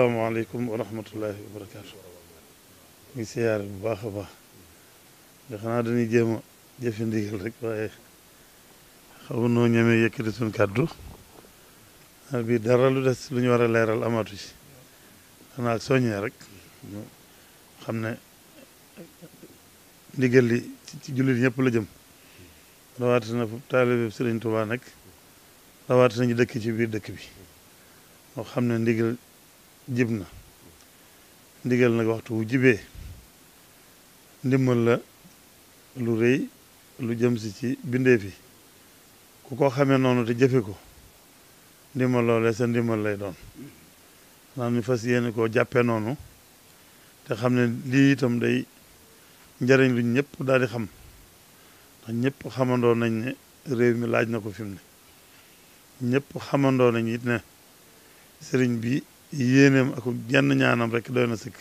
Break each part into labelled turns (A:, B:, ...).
A: asalaamaaleykum wa rahmatullahi wa barakaatu ngi siyaare bu baax a baax nga xanaa dañuy jéem a jëfe ndigal rek waaye xaw noo ñemee yëkkati suñ kàddu bi dara lu des lu ñu war a leeral amatu ci xanaa ak soññee rek xam ne ndigal li ci jullit ñépp la jëm rawatina fu taalibe Sëriñ Tuubaa nag rawatina ñu dëkk ci biir dëkk bi moo xam ne ndigal jib na ndigal nag waxtu wu jibee ndimbal la lu rëy lu jëm si ci bindeef yi ku ko xamee noonu te jëfe ko ndimbal loolee sa ndimbal lay doon naan ñu fas yéene koo jàppee noonu te xam ne lii itam day njariñ lu ñëpp daal di xam ndax ñëpp xamandoo nañ ne réew mi laaj na ko fim mu ne ñëpp xamandoo nañ it ne sëriñ bi yéeneem ak jenn ñaanam rek doy na sikk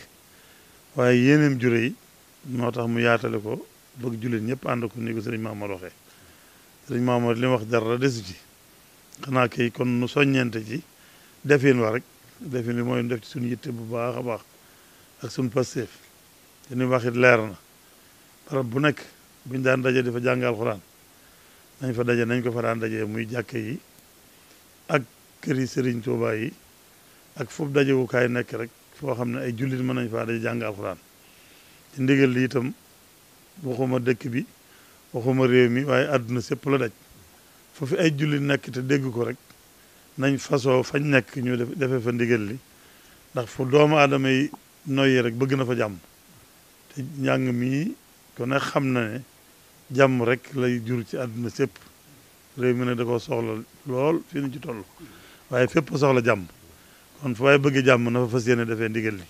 A: waaye yéeneem jure yi moo tax mu yaatale ko bëgg jullit ñëpp ànd ko ni ko sëriñ Maamor waxee sëriñ Maamor li mu wax dara desu ci xanaa kay kon nu soññente ji defin wa rek defin bi mooy def ci suñu yitte bu baax a baax ak suñu pasteef te ni waxit leer na barab bu nekk buñ daan daje di fa jàng alxuraan nañ fa daje nañ ko fa daan daje muy jàkke yi ak kër yi sëriñ Tuubaa yi ak foofu dajewukaay nekk rek foo xam ne ay jullit mën nañ faa day jàng alxuraan ci ndigal li itam waxuma dëkk bi waxuma réew mi waaye àdduna sépp la daj foofu ay jullit nekk te dégg ko rek nañ fasoo fañ nekk ñu defee fa ndigal li ndax fu doomu aadama yi noyyi rek bëgg na fa jàmm te njàng mii ko ne xam na ne jàmm rek lay jur ci àdduna sépp réew mi ne da ko soxla lool fii nu ci toll waaye fépp soxla jàmm kon fu waaye bëgg jàmm na fa fas defee ndigal li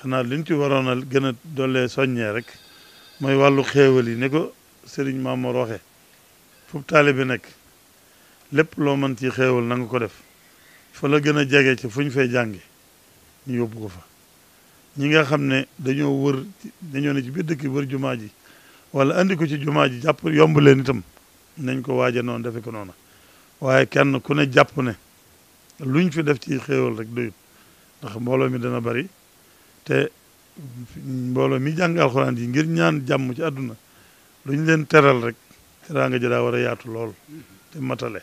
A: xanaa liñ ci waroon a gën a doole soññee rek mooy wàllu xéewal yi ni ko sëriñ Maamoor waxee fu taalibe bi nekk lépp loo mën ci xéewal nanga ko def fa la gën a jege ci fu ñu fay jànge ñu yóbbu ko fa ñi nga xam ne dañoo wër dañoo ne ci biir dëkk wër jumaa ji wala andi ko ci jumaa ji jàpp yomb leen itam nañ ko waaja noonu defe ko noona waaye kenn ku ne jàpp ne lu ñu fi def ci xéewal rek doyut ndax mbooloo mi dana bari te mbooloo mi jàng alxuraan yi ngir ñaan jàmm ci àdduna luñ leen teral rek nga ji daa war a yaatu lool te matale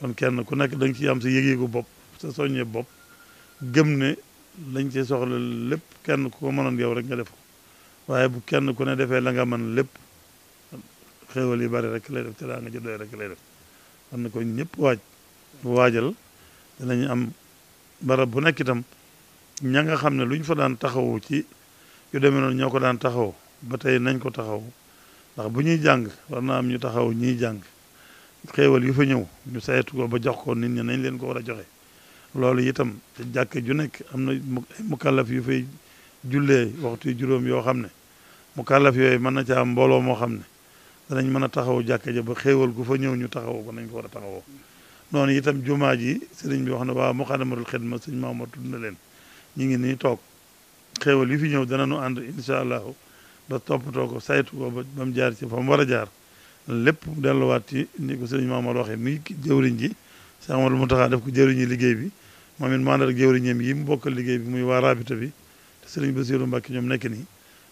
A: kon kenn ku nekk da nga ciy am sa yëgeegu bopp sa soññe bopp gëm ne lañ ci soxla lépp kenn ku ko mënoon yow rek nga def waaye bu kenn ku ne defee la nga man lépp xéewal yi bari rek lay def nga ji doy rek lay def man na ko ñëpp waaj waajal danañ am barab bu nekk itam ña nga xam ne lu ñu fa daan taxawu ci yu demee noonu ñoo ko daan taxaw ba tey nañ ko taxaw ndax bu ñuy jàng war naa am ñu taxaw ñii jàng xéewal yu fa ñëw ñu saytu ko ba jox ko nit ñi nañ leen ko war a joxe loolu itam te jàkk ju nekk am na mukallaf yu fay jullee waxtu juróom yoo xam ne mukallaf yooyu mën na ca am mbooloo moo xam ne danañ mën a taxaw jàkk ja ba xéewal gu fa ñëw ñu taxaw ko nañ ko war a taxawoo noonu itam jumaa ji sëriñ bi wax na waa muqaddamatul xidma sëñ Maamor tudd na leen ñu ngi nii toog xéewal yi fi ñëw dana nu ànd incha allahu ba toppatoo ko saytu ko ba mu jaar ci fa mu war a jaar lépp mu delluwaat ci ni ko sëriñ Maamor waxee muy jëwriñ ji Cheikh Amadou Mountakha def ko jëwriñi liggéey bi moom it maanaam ak jëwriñam yi mu bokkal liggéey bi muy waa rabita bi te sëriñ siru Mbacké ñoom nekk nii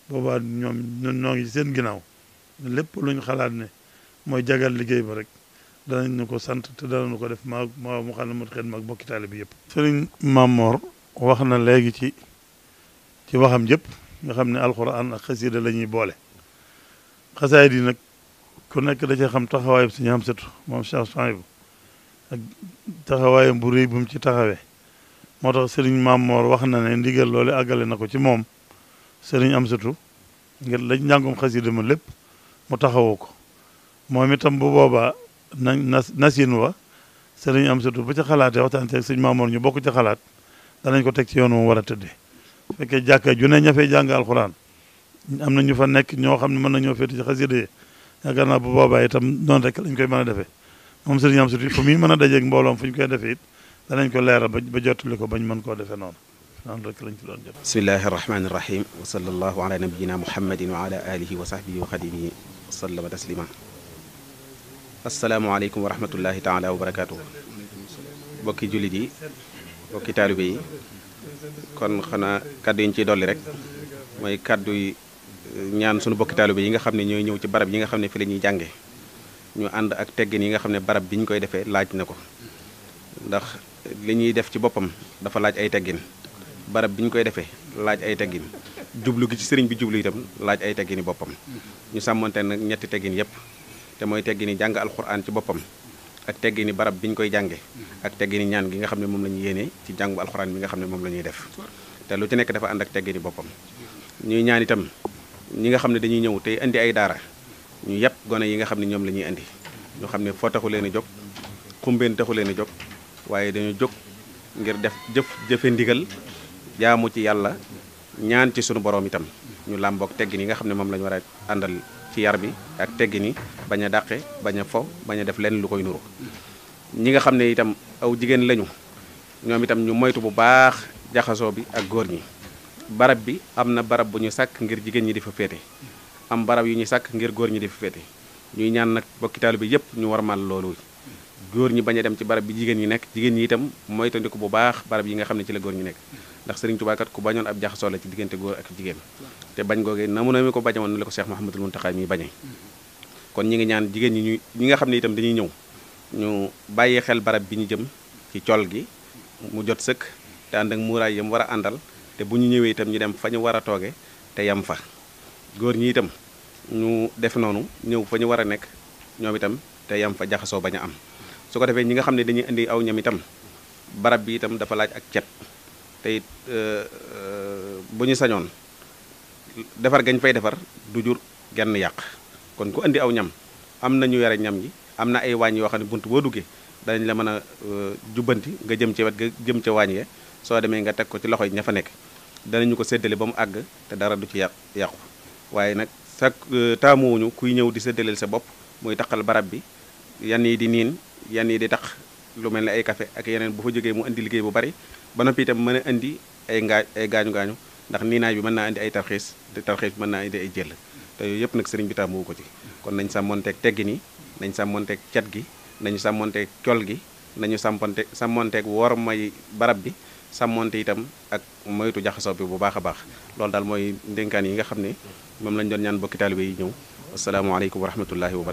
A: boobaat ñoom ñoo ngi ci seen ginnaaw lépp ñu xalaat ne mooy jagal liggéey ba rek danañ ñu ko sant te danañu ko def maa maa mu xam ne mot xel maag bokki taali bi yëpp sëriñ Mamor wax na léegi ci ci waxam jépp nga xam ne alxuraan ak xasida la ñuy boole xasaayid yi nag ku nekk da cee xam taxawaayam suñu xam sëtu moom Cheikh Souhaïbou ak taxawaayam bu réy bu mu ci taxawe moo tax sëriñ moor wax na ne ndigal loole àggale na ko ci moom sëriñ am sëtu ngir lañ njàngum xasida ma lépp mu taxawoo ko moom itam bu boobaa na nas nasin wa sëriñ am surtout bu ca xalaatee waxtaan teg sëñ Maamoor ñu bokk ca xalaat danañ ko teg ci yoon mu war a tëddee su fekkee jàkka ju ne ña fay jàng alxuraan am na ñu fa nekk ñoo xam ne mën nañoo féete ci xasida yi yaakaar naa bu boobaa tam noonu rek lañ koy mën a defee moom sëriñ am fu muy mën a dajeeg mbooloom fu koy defee it danañ ko leeral ba ba jottali ko bañ mën koo defee noonu noonu rek lañ ci doon jot
B: bismillahi rahmaani rahim wa sallallahu ala nabiyina muhammadin wa ala alihi wa sahbihi wa xadimihi asalaamaaleykum wa rahmatullahi taala wa barakaatu. bokki jullit yi bokki taalibe yi kon xanaa kàddu yi ñu rek mooy kàddu yi eh, ñaan sunu bokki taalibe yi nga xam ne ñooy ñëw ci barab yi nga xam ne fi la ñuy jànge ñu ànd ak teggin yi nga xam ne barab bi ñu koy defee laaj na ko ndax li ñuy def ci boppam dafa laaj ay teggin barab bi ñu koy defee laaj ay teggin jublu gi ci sëriñ bi jublu itam laaj ay teggini boppam ñu sàmmonte nag ñetti teggin yépp te mooy teggini jàng alxuraan ci boppam ak teggini barab bi ñu koy jànge ak teggini ñaan gi nga xam ne moom la ñu yéene ci jàngu alxuraan bi nga xam ne moom la ñuy def te lu ci nekk dafa ànd ak teggini boppam ñuy ñaan itam ñi nga xam ne dañuy ñëw tey indi ay daara ñu yàpp gone yi nga xam ne ñoom la ñuy indi ñu xam ne foo taxu leen a jóg xumbeen taxu leen a jóg waaye dañu jóg ngir def jëf jëfe ndigal jaamu ci yàlla ñaan ci sunu borom itam ñu làmboog teggin yi nga xam ne moom la war a àndal ci yar bi ak teggin yi bañ a dàqe bañ a fo bañ a def lenn lu koy nuru ñi nga xam ne itam aw jigéen lañu ñoom itam ñu moytu bu baax jaxasoo bi ak góor ñi barab bi am na barab bu ñu sàkk ngir jigéen ñi di fa féete am barab yu ñu sàkk ngir góor ñi di fa féete ñuy ñaan nag bokki taalibe bi yëpp ñu war warmal loolu góor ñi bañ a dem ci barab bi jigéen ñi nekk jigéen ñi itam moytandiku bu baax barab yi nga xam ne ci la góor ñi nekk ndax sëriñ Tuubaa kat ku bañoon ab jaxasoo la ci diggante góor ak jigéen te bañ googee na mu ne mi ko bañoon na la ko Cheikh Mahamadul Muntaxa mi bañee kon ñi ngi ñaan jigéen ñi ñu ñi nga xam ne itam dañuy ñëw ñu bàyyi xel barab bi ñu jëm ci col gi mu jot sëkk te muuraay yam war a àndal te bu ñu ñëwee itam ñu dem fa ñu war a tooge te yam fa góor ñi itam ñu def noonu ñëw fa ñu war a nekk ñoom itam te yam fa jaxasoo bañ a am su ko defee ñi nga xam ne dañuy indi aw ñam itam barab bi itam dafa laaj ak cet te it euh, euh, bu ñu sañoon defar gañ fay defar du jur genn yàq kon ku indi aw ñam am na ñu yore ñam yi am na ay waañ yoo xam ne bunt boo duggee danañ la mën a euh, jubbanti nga jëm ca wet nga jëm ca waañ ya soo demee nga teg ko ci loxo yi ña fa nekk danañu ko séddale ba mu àgg te dara du ci yàq yàqu waaye nag sak taamuwuñu kuy ñëw di séddaleel sa bopp muy taqal barab bi yan yi di niin yan yi di tax lu mel ne ay café ak yeneen bu fa jógee mu indi liggéey bu bari ba noppi itam mën indi ay ngaa ay gaañu gaañu ndax niinaay bi mën naa indi ay tarxiis te tarxiis bi mën naa indi ay jël te yooyu yëpp nag sëriñ bi tàmmoo ko ci kon nañ sàmmonteeg teggin yi nañ sàmmonteeg cat gi nañu sàmmonteeg col gi nañu sàmmonte sàmmonteeg wor may barab bi sàmmonte itam ak moytu jaxasoo bi bu baax a baax loolu daal mooy ndénkaan yi nga xam ne moom lañ doon ñaan bokki taalibe yi ñëw asalaamaaleykum wa rahmatullahi wa